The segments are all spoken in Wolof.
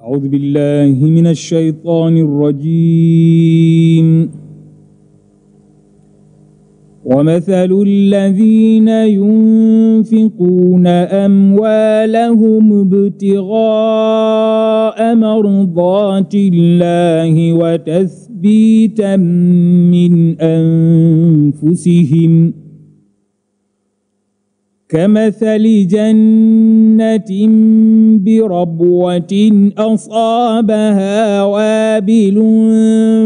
أعوذ بالله من الشيطان الرجيم ومثل الذين ينفقون أموالهم ابتغاء مرضات الله وتثبيتا من أنفسهم ۖ كمثل جنة بربوة أصابها وابل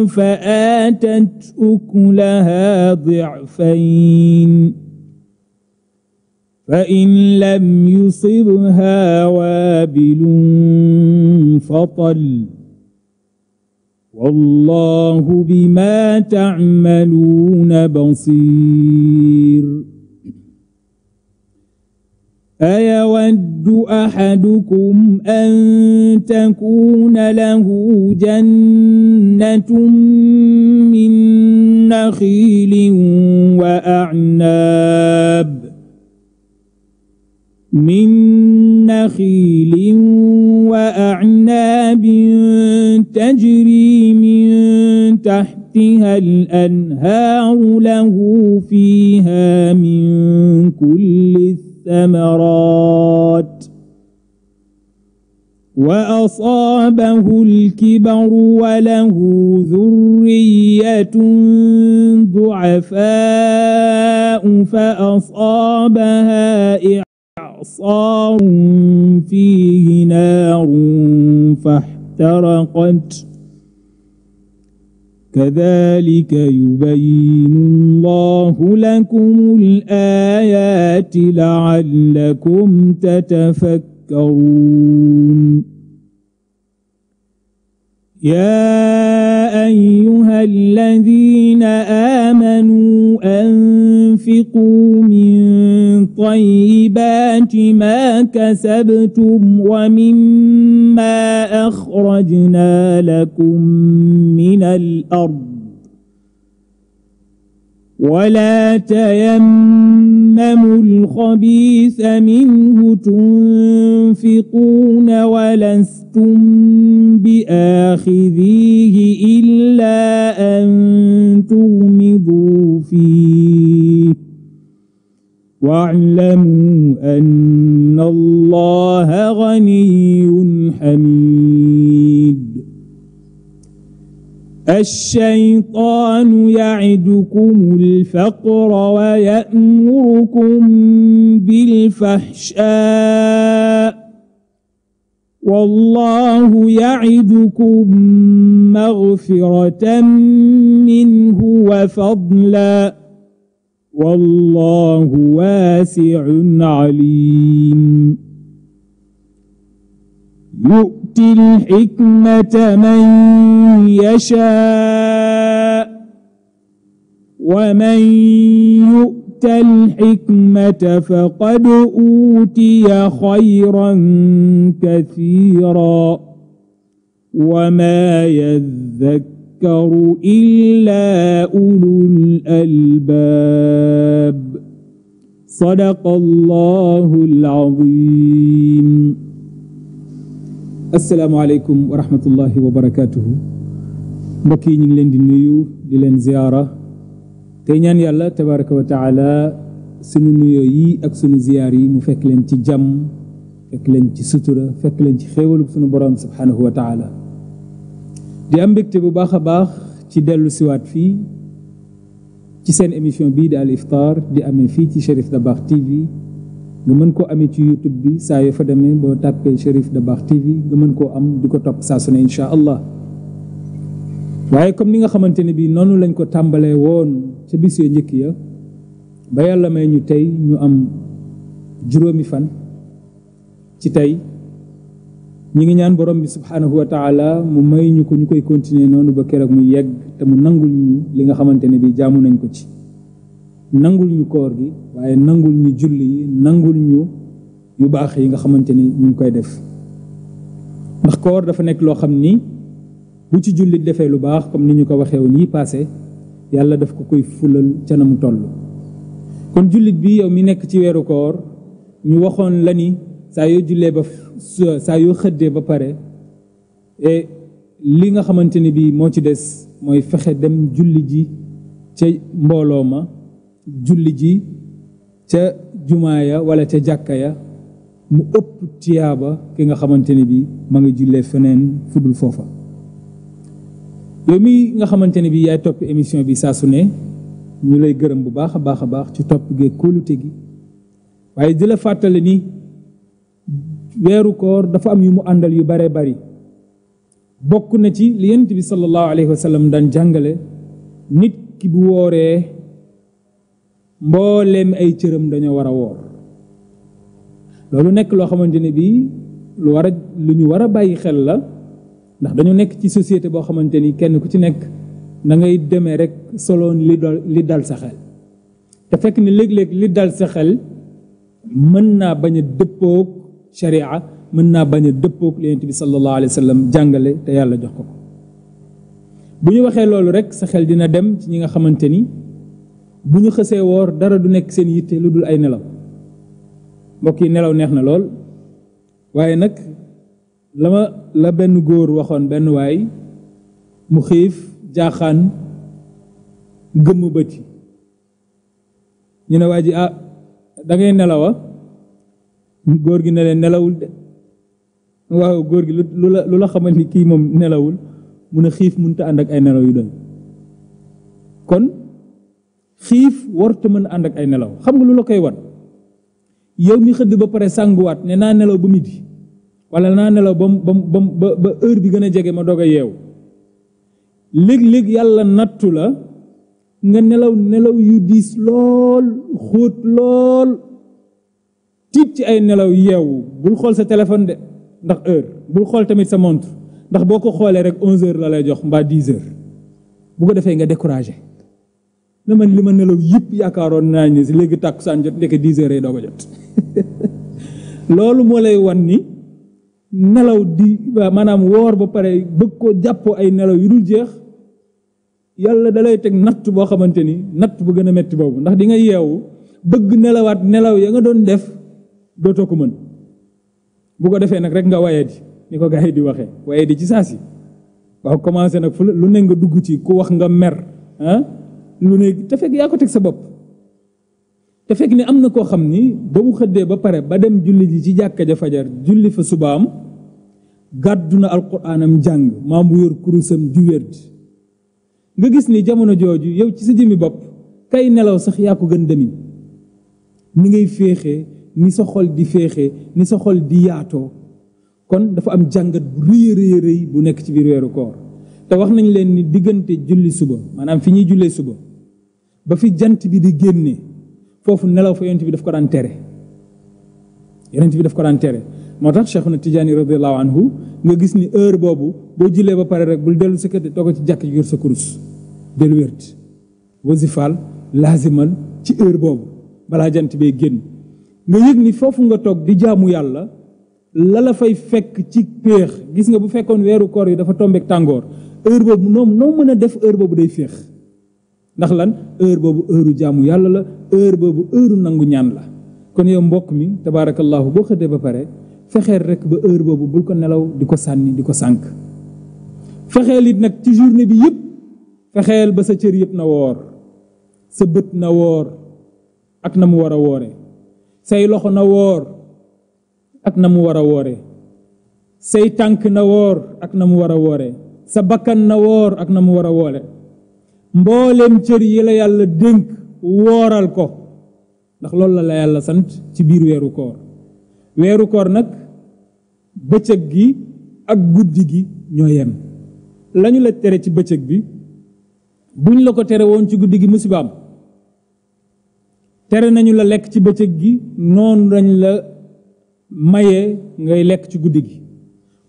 فآتت أكلها ضعفين فإن لم يصبها وابل فطل والله بما تعملون بصير أيود أحدكم أن تكون له جنة من نخيل وأعناب من نخيل وأعناب تجري من تحتها الأنهار له فيها من كل الثمرات وأصابه الكبر وله ذرية ضعفاء فأصابها إعصار فيه نار فاحترقت كذلك يبين الله لكم الآيات الآيات لعلكم تتفكرون يا أيها الذين آمنوا أنفقوا من طيبات ما كسبتم ومما أخرجنا لكم من الأرض ولا تيمموا يعلم الخبيث منه تنفقون ولستم بآخذيه إلا أن تغمضوا فيه واعلموا الشيطان يعدكم الفقر ويأمركم بالفحشاء والله يعدكم مغفرة منه وفضلا والله واسع عليم يؤتي الحكمة من يشاء ومن يؤت الحكمة فقد أوتي خيرا كثيرا وما يذكر إلا أولو الألباب صدق الله العظيم asalaamaaleykum wa rahmatullahi wa barakaatuhu mbokk yi ñu ngi leen di nuyu di leen ziyaara tey ñaan yàlla tabaraka wa taala sunu nuyoo yi ak sunu ziyaar yi mu fekk leen ci jàmm fekk leen ci sutura fekk leen ci xéewalu sunu borom subhaanahu wa taala di am mbégte bu baax a baax ci dellu siwaat fii ci seen émission bii di al iftaar di amee fii ci Cherif Dabakh TV nga mën koo amee ci youtube bi saa yoo fa demee boo tàppee de baax TV nga mën koo am di ko topp saa su ne allah waaye comme ni nga xamante ne bii noonu lañ ko tàmbalee woon ca bis njëkk ya ba yàlla may ñu tey ñu am juróomi fan ci tey ñi ngi ñaan borom bi subhaanahu wa taala mu may ñu ko ñu koy continuer noonu ba keroog mu yegg te mu nangul ñu li nga xamante ne bi jaamu nañ ko ci nangul ñu koor gi waaye nangul ñu julli yi nangul ñu yu baax yi nga xamante ni ñu ngi koy def ndax koor dafa nekk loo xam ni bu ci jullit defee lu baax comme ni ñu ko waxee woon yi passé yàlla daf ko koy fulal ca na mu kon jullit bi yow mi nekk ci weeru koor ñu waxoon la ni saa yoo jullee ba saa yoo xëddee ba pare e li nga xamante ni bii moo ci des mooy fexe dem julli ji ca mbooloo ma julli ji ca jumaa ya wala ca jàkka ya mu ëpp tiyaaba ki nga xamante ne bi ma nga jullee feneen fudul foofa yow mi nga xamante ne bi yaay topp émission bi saa ne ñu lay gërëm bu baax a baax a baax ci topp gee kóolute gi waaye di la fàttale ni weeru koor dafa am yu mu àndal yu bare bari bokk na ci li yonent bi sallallahu alayhi wa daan jàngale nit ki bu wooree mbooleem ay cëram dañoo war a woor loolu nekk loo xamante ne bii lu war a lu ñu war a bàyyi xel la ndax dañu nekk ci société boo xamante ni kenn ku ci nekk da ngay demee rek soloon li dal li dal sa xel te fekk ni léeg-léeg li dal sa xel mën naa bañ dëppook dëppoog sharia mën naa bañ dëppook dëppoog bi sallallahu alayhi jàngale te yàlla jox ko bu ñu waxee loolu rek sa xel dina dem ci ñi nga xamante ni bu ñu xësee woor dara du nekk seen yitte lu dul ay nelaw mbokk yi nelaw neex na lool waaye nag la la benn góor waxoon benn waay mu xiif jaaxaan gëmm bët yi ñu ne waa ji ah da ngay nelawa góor gi ne leen nelawul de waaw góor gi lu la lu la xamal ni kii moom nelawul mun a xiif mënut a ànd ak ay nelaw yu doy kon xiif te mën a ànd ak ay nelaw xam nga lu la koy wan yow mi xëdd ba pare sànguwaat ne naa nelaw ba midi walla naa nelaw ba ba ba heure bi gën a jege ma doog a yeew léeg-léeg yàlla nattu la nga nelaw nelaw yu diis lool xóot lool tiit ci ay nelaw yeewu bul xool sa téléphone de ndax heure bul xool tamit sa montre ndax boo ko xoolee rek 11 heures la lay jox mbaa 10 bu ko defee nga découragé. na man li ma nelaw yëpp yaakaaroon naa ni si léegi tàkkusaan jot ndeke dix heures yi ko jot loolu moo lay wan ni nelaw di maanaam woor ba pare bëgg koo jàppoo ay nelaw yu dul jeex yàlla dalay teg natt boo xamante ni natt bu gën a metti boobu ndax di nga yeewu bëgg nelawaat nelaw ya nga doon def dootoo ko mën bu ko defee nag rek nga waye di ni ko gars yi di waxee waye di ci saa si waaw commencé nag lu ne nga dugg ci ku wax nga mer ah. lu ne te fekk yaa ko teg sa bopp te fekk ne am na koo xam ni ba mu xëddee ba pare ba dem julli ji ci jàkka ja fajar julli fa subaam gàddu na alquraanam jàng maam bu yor kurusam di wérd nga gis ni jamono jooju yow ci sa jëmmi bopp kay nelaw sax yaa ko gën demin ni ngay féexee ni sa xol di féexee ni sa xol di yaatoo kon dafa am jàngat bu rëy rëy bu nekk ci biir weeru koor te wax nañ leen ni diggante julli suba maanaam fi ñuy jullee suba ba fi jant bi di génne foofu nelaw fa yonent bi daf ko daan tere yonent bi daf ko daan tere moo tax na Tijaani radiallahu anhu nga gis ni heure boobu boo jullee ba pare rek bul dellu sa kër toog ci jàkk yor sa kurus del wért wasifaal laazimal ci heure boobu balaa jant bee génn nga yëg ni foofu nga toog di jaamu yàlla la la fay fekk ci péex gis nga bu fekkoon weeru koor yi dafa tombeek tàngoor heure boobu noom noo mën a def heure boobu day féex ndax lan heure boobu heure jaamu yàlla la heure boobu heure nangu ñaan la kon yow mbokk mi tabaarakallaahu boo xëddee ba pare fexeel rekk ba heure boobu bul ko nelaw di ko sànni di ko sànk fexeel it nag ci journée bi yëpp fexeel ba sa cër yëpp na woor sa bët na woor ak na mu war a woore say loxo na woor ak na mu war a woore say tànk na woor ak na mu war a woore sa bakkan na woor ak na mu war a woore mboolem cër yi la yàlla dénk wooral ko ndax loolu la la yàlla sant ci biir weeru koor weeru koor nag bëccëg gi ak guddi gi ñoo yem lañu la tere ci bëccëg bi buñ la ko tere woon ci guddi gi musiba am tere nañu la lekk ci bëccëg gi noonu lañ la mayee ngay lekk ci guddi gi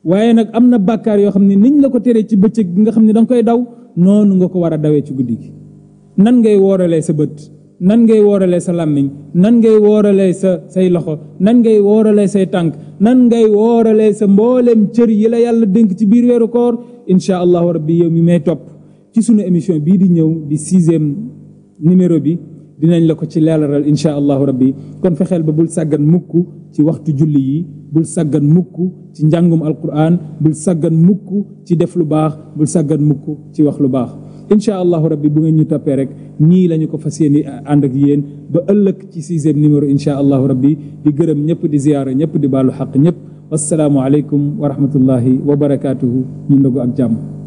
waaye nag am na bàkkaar yoo xam ne niñ la ko tere ci bëccëg gi nga xam ne danga koy daw noonu nga ko war a dawee ci guddi gi nan ngay wooralee sa bët nan ngay wooralee sa làmmiñ nan ngay wooralee sa say loxo nan ngay wooralee say tànk nan ngay wooralee sa mbooleem cër yi la yàlla dénk ci biir weeru koor incha allahu rabbi yow mi may topp ci suñu émission bii di ñëw di sixième numéro bi dinañ la ko ci leelaral incha allahu rabbi kon fexeel ba bul sàggan mukk ci waxtu julli yi bul sàggan mukk ci njàngum alquran bul sàggan mukk ci def lu baax bul sàggan mukk ci wax lu baax incha allahu rabbi bu ngeen ñu toppee rek nii la ñu ko fas yéene ànd ak yéen ba ëllëg ci sixième numéro incha allahu rabbi di gërëm ñëpp di ziyaara ñëpp di baalu xaq ñëpp wasalaamu aleykum wa rahmatullahi wa barakaatuhu ñu ndogu ak jàmm